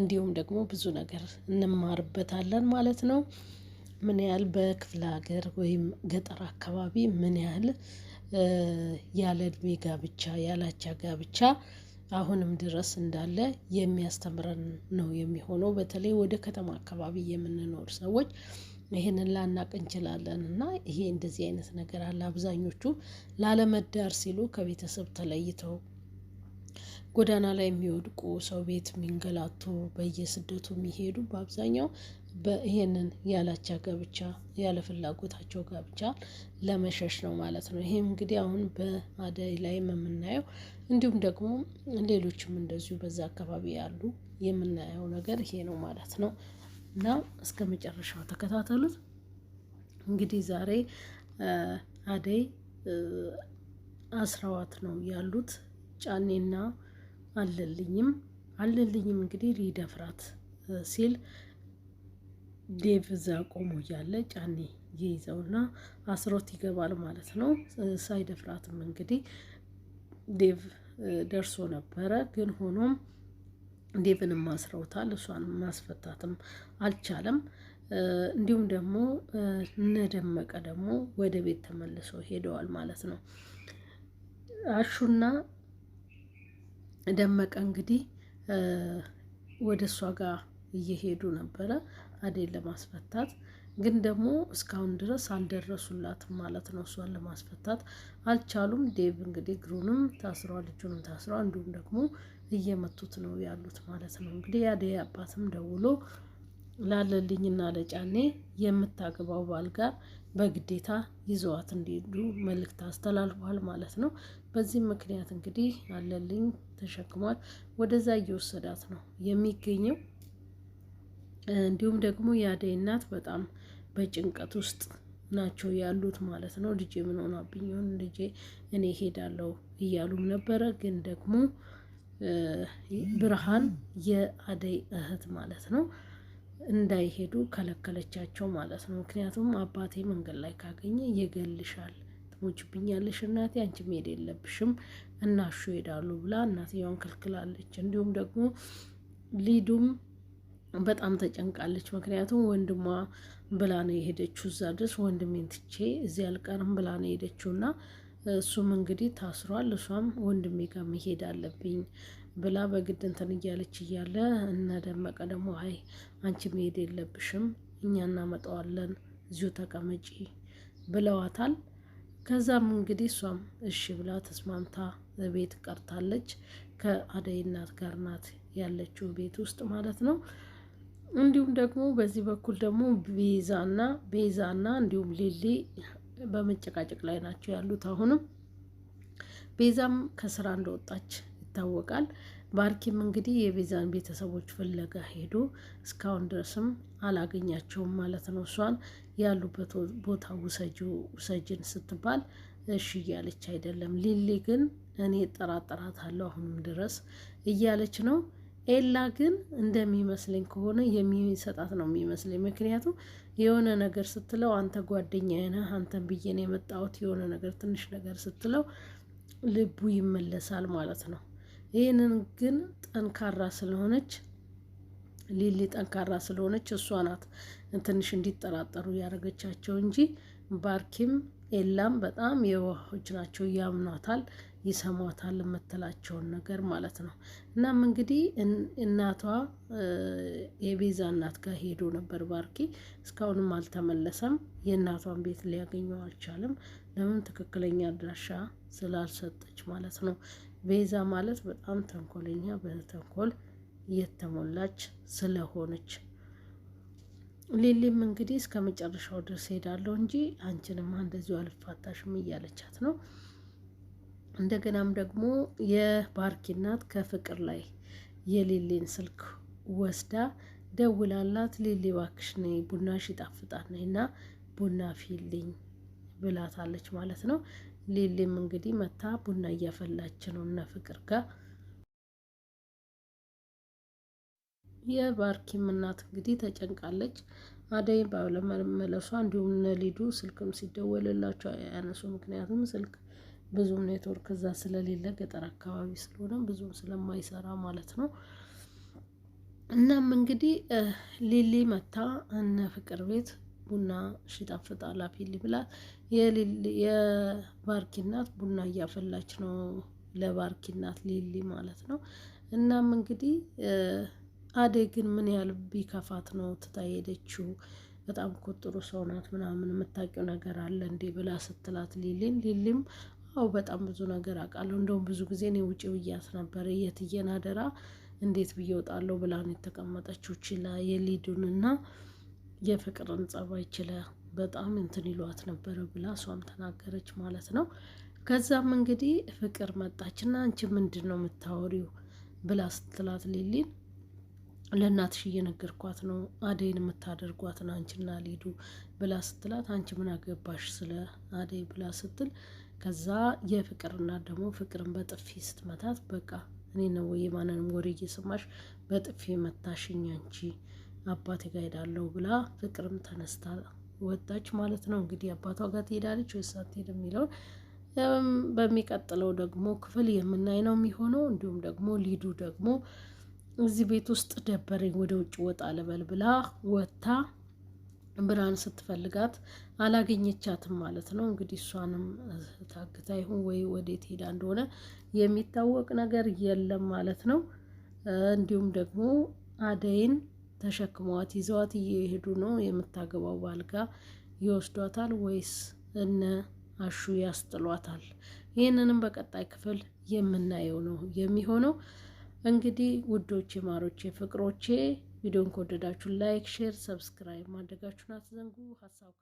እንዲሁም ደግሞ ብዙ ነገር እንማርበታለን ማለት ነው። ምን ያህል በክፍለ ሀገር ወይም ገጠር አካባቢ ምን ያህል ያለ እድሜ ጋብቻ ያላቻ ጋብቻ አሁንም ድረስ እንዳለ የሚያስተምረን ነው የሚሆነው በተለይ ወደ ከተማ አካባቢ የምንኖር ሰዎች ይሄንን ላናቅ እንችላለን እና ይሄ እንደዚህ አይነት ነገር አለ አብዛኞቹ ላለመዳር ሲሉ ከቤተሰብ ተለይተው ጎዳና ላይ የሚወድቁ ሰው ቤት የሚንገላቱ በየስደቱ የሚሄዱ በአብዛኛው ይህንን ያላቻ ጋብቻ ያለ ፍላጎታቸው ጋብቻ ለመሸሽ ነው ማለት ነው። ይሄም እንግዲህ አሁን በአደይ ላይ የምናየው እንዲሁም ደግሞ ሌሎችም እንደዚሁ በዛ አካባቢ ያሉ የምናየው ነገር ይሄ ነው ማለት ነው። እና እስከ መጨረሻው ተከታተሉት። እንግዲህ ዛሬ አደይ አስራዋት ነው ያሉት ጫኔና አለልኝም አለልኝም እንግዲህ ሊደፍራት ሲል ዴቭ እዛ ቆሞ እያለ ጫኔ ይይዘውና አስሮት ይገባል ማለት ነው። ሳይደፍራትም እንግዲህ ዴቭ ደርሶ ነበረ። ግን ሆኖም ዴቭንም አስረውታል። እሷን ማስፈታትም አልቻለም። እንዲሁም ደግሞ እነደመቀ ደግሞ ወደ ቤት ተመልሶ ሄደዋል ማለት ነው። አሹና ደመቀ እንግዲህ ወደ እሷ ጋር እየሄዱ ነበረ አዴን ለማስፈታት ግን ደግሞ እስካሁን ድረስ አልደረሱላትም ማለት ነው። እሷን ለማስፈታት አልቻሉም። ዴቭ እንግዲህ እግሩንም ታስሯል፣ እጁንም ታስሯል። እንዲሁም ደግሞ እየመቱት ነው ያሉት ማለት ነው። እንግዲህ የአደይ አባትም ደውሎ ላለልኝና ለጫኔ የምታገባው ባል ጋር በግዴታ ይዘዋት እንዲሄዱ መልእክት አስተላልፏል ማለት ነው። በዚህ ምክንያት እንግዲህ አለልኝ ተሸክሟል፣ ወደዛ እየወሰዳት ነው የሚገኘው። እንዲሁም ደግሞ የአደይ እናት በጣም በጭንቀት ውስጥ ናቸው ያሉት ማለት ነው። ልጄ ምን ሆናብኝ ይሆን ልጄ እኔ ሄዳለሁ እያሉም ነበረ። ግን ደግሞ ብርሃን የአደይ እህት ማለት ነው እንዳይሄዱ ከለከለቻቸው ማለት ነው። ምክንያቱም አባቴ መንገድ ላይ ካገኘ ይገልሻል፣ ትሞችብኛለሽ፣ እናቴ አንቺ መሄድ የለብሽም እናሹ ይሄዳሉ ብላ እናትየዋን ከልክላለች። እንዲሁም ደግሞ ሊዱም በጣም ተጨንቃለች። ምክንያቱም ወንድሟ ብላ ነው የሄደችው እዛ ድረስ ወንድሜን ትቼ እዚህ አልቀርም ብላ ነው የሄደችው እና እሱም እንግዲህ ታስሯል። እሷም ወንድሜ ጋር መሄድ አለብኝ ብላ በግድ እንትን እያለች እያለ እነ ደመቀ ደግሞ አይ አንቺ መሄድ የለብሽም እኛ እናመጣዋለን እዚሁ ተቀመጪ ብለዋታል። ከዛም እንግዲህ እሷም እሺ ብላ ተስማምታ ቤት ቀርታለች። ከአደይ እናት ጋር ናት ያለችው ቤት ውስጥ ማለት ነው። እንዲሁም ደግሞ በዚህ በኩል ደግሞ ቤዛና ቤዛና እንዲሁም ሊሊ በመጨቃጨቅ ላይ ናቸው ያሉት። አሁንም ቤዛም ከስራ እንደወጣች ይታወቃል። ባርኪም እንግዲህ የቤዛን ቤተሰቦች ፍለጋ ሄዶ እስካሁን ድረስም አላገኛቸውም ማለት ነው። እሷን ያሉበት ቦታ ውሰጂው ውሰጅን ስትባል እሺ እያለች አይደለም። ሊሊ ግን እኔ እጠራጠራታለሁ አሁንም ድረስ እያለች ነው። ኤላ ግን እንደሚመስለኝ ከሆነ የሚሰጣት ነው የሚመስለኝ። ምክንያቱም የሆነ ነገር ስትለው አንተ ጓደኛዬ ነህ፣ አንተን ብዬን የመጣሁት የሆነ ነገር ትንሽ ነገር ስትለው ልቡ ይመለሳል ማለት ነው። ይህንን ግን ጠንካራ ስለሆነች ሊሊ ጠንካራ ስለሆነች እሷ ናት ትንሽ እንዲጠራጠሩ ያደረገቻቸው እንጂ ባርኪም ኤላም በጣም የዋሆች ናቸው። ያምኗታል፣ ይሰሟታል የምትላቸውን ነገር ማለት ነው። እናም እንግዲህ እናቷ የቤዛ እናት ጋር ሄዶ ነበር ባርኪ። እስካሁንም አልተመለሰም። የእናቷን ቤት ሊያገኘው አልቻለም። ለምን? ትክክለኛ አድራሻ ስላልሰጠች ማለት ነው። ቤዛ ማለት በጣም ተንኮለኛ በተንኮል እየተሞላች ስለሆነች ሊሊም እንግዲህ እስከ መጨረሻው ድረስ ሄዳለሁ እንጂ አንቺንማ እንደዚሁ አልፋታሽም እያለቻት ነው። እንደገናም ደግሞ የባርኪ እናት ከፍቅር ላይ የሊሊን ስልክ ወስዳ ደውላላት ሊሊ ባክሽ ነይ ቡናሽ ይጣፍጣል ቡና ፊልኝ ብላታለች ማለት ነው። ሌሌም እንግዲህ መታ ቡና እያፈላች ነው እና ፍቅር ጋር የባርኪም እናት እንግዲህ ተጨንቃለች። አደይ ባለመመለሷ እንዲሁም ነሊዱ ስልክም ሲደወልላቸው ያነሱ። ምክንያቱም ስልክ ብዙም ኔትወርክ እዛ ስለሌለ ገጠር አካባቢ ስለሆነ ብዙም ስለማይሰራ ማለት ነው። እናም እንግዲህ ሊሊ መታ እነ ፍቅር ቤት ቡና ሽጣፍጣል አፌል ብላ የባርኪ እናት ቡና እያፈላች ነው ለባርኪናት ሊሊ ማለት ነው። እናም እንግዲህ አደይ ግን ምን ያህል ቢከፋት ነው ትታ ሄደችው? በጣም ቁጥሩ ሰው ናት ምናምን የምታውቂው ነገር አለ እንዴ ብላ ስትላት ሊሊን ሊሊም አው በጣም ብዙ ነገር አውቃለሁ። እንደውም ብዙ ጊዜ እኔ ውጭ ብያት ነበር የትየን አደራ እንዴት ብዬ እወጣለሁ ብላ ነው የተቀመጠችው ችላ የሊዱንና የፍቅርን ጸባይ ችለ በጣም እንትን ይሏት ነበረ ብላ እሷም ተናገረች ማለት ነው። ከዛም እንግዲህ ፍቅር መጣችና አንቺ ምንድን ነው የምታወሪው ብላ ስትላት ሊሊን ለእናትሽ እየነገርኳት ነው አደይን የምታደርጓትን አንቺና ሊዱ ብላ ስትላት አንቺ ምን አገባሽ ስለ አደይ ብላ ስትል ከዛ የፍቅርና ደግሞ ፍቅርን በጥፊ ስትመታት በቃ እኔ ነው ወይ ማንንም ወሬ እየሰማሽ በጥፊ መታሽኝ አንቺ አባቴ ጋር ሄዳለሁ ብላ ፍቅርም ተነስታ ወጣች ማለት ነው። እንግዲህ አባቷ ጋር ትሄዳለች ወይ አትሄድም የሚለውን በሚቀጥለው ደግሞ ክፍል የምናይ ነው የሚሆነው። እንዲሁም ደግሞ ሊዱ ደግሞ እዚህ ቤት ውስጥ ደበረኝ ወደ ውጭ ወጣ ልበል ብላ ወጥታ ብርሃን ስትፈልጋት አላገኘቻትም ማለት ነው። እንግዲህ እሷንም ታግታ ይሁን ወይ ወዴት ሄዳ እንደሆነ የሚታወቅ ነገር የለም ማለት ነው። እንዲሁም ደግሞ አደይን ተሸክመዋት ይዘዋት እየሄዱ ነው። የምታገባው ባልጋ ይወስዷታል ወይስ እነ አሹ ያስጥሏታል? ይህንንም በቀጣይ ክፍል የምናየው ነው የሚሆነው። እንግዲህ ውዶቼ፣ ማሮቼ፣ ፍቅሮቼ ቪዲዮን ከወደዳችሁ ላይክ፣ ሼር፣ ሰብስክራይብ ማድረጋችሁን አትዘንጉ። ሀሳብ